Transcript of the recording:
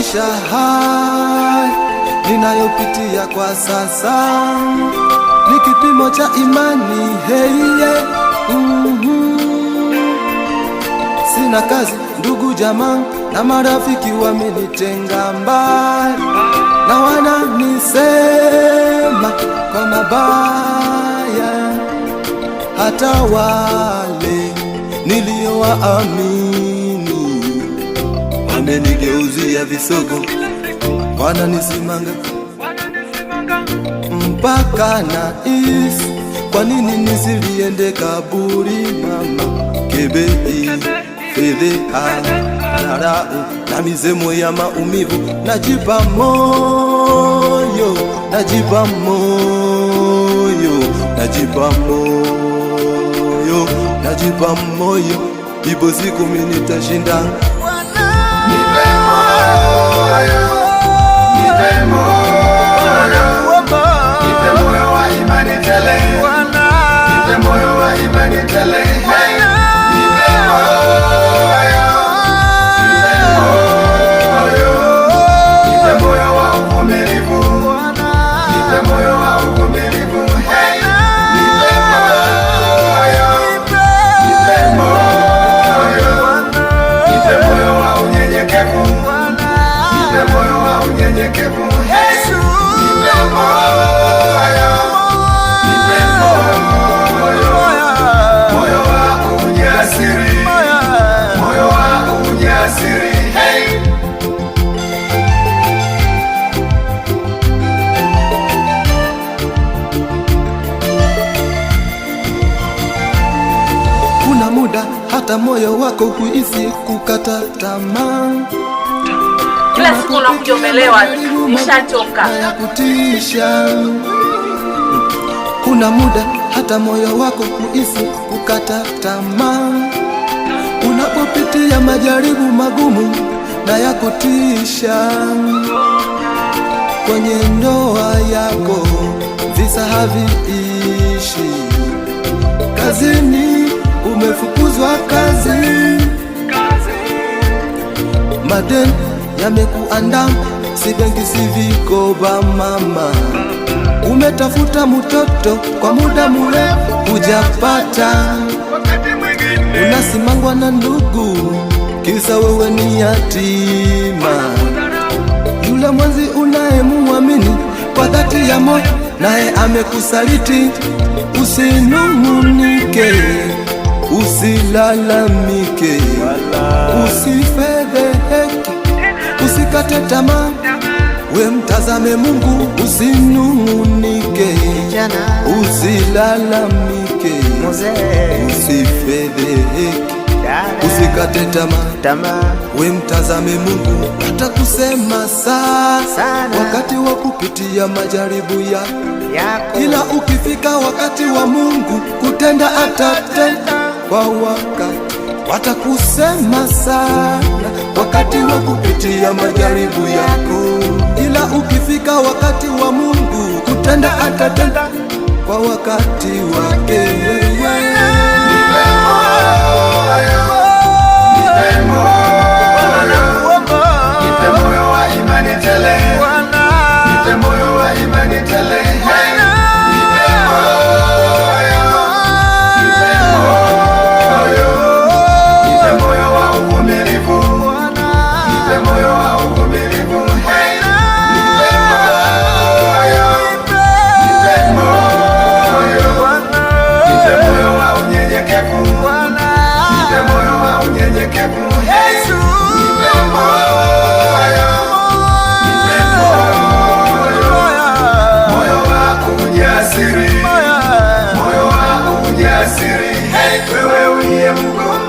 maisha haya ninayopitia kwa sasa ni kipimo cha imani heiye, Sina kazi, ndugu, jamaa na marafiki wamenitenga mbali na wananisema kwa mabaya, hata wale niliowaamini amenigeuzia visogo, wananisimanga mpaka na isi. Kwa nini nisiviende kaburi mama? Kebei fedheha dharau na mizemo ya maumivu, najipa moyo, najipa moyo, najipa moyo, najipa moyo, ipo siku mimi nitashinda moyo, nipe moyo hata moyo wako kuisi kukata tamaa. Kila siku unakuja umelewa, nishachoka ya kutisha. Kuna muda hata moyo wako kuisi kukata tamaa, unapopitia majaribu magumu na ya kutisha kwenye ndoa yako, visa haviishi kazini umefukuzwa kazi, madeni yamekuandama, si benki si vikoba mama, umetafuta mtoto kwa muda mrefu hujapata, unasimangwa na ndugu, kisa wewe ni yatima. Yule mwenzi unayemuamini kwa dhati ya moyo naye amekusaliti, usinung'unike usilalamike, usifedheheke, usikate tamaa, we mtazame Mungu, usinung'unike, usilalamike, usifedheheke Usikate tamaa, we mtazame Mungu Hata kusema sana wakati wa kupitia majaribu ya ila ukifika wakati wa Mungu kutenda atatenda kwa wakati, watakusema sana wakati wa kupitia majaribu yako, ila ukifika wakati wa Mungu kutenda, atatenda kwa wakati wake. alasiri. Hey, wewe uliye go?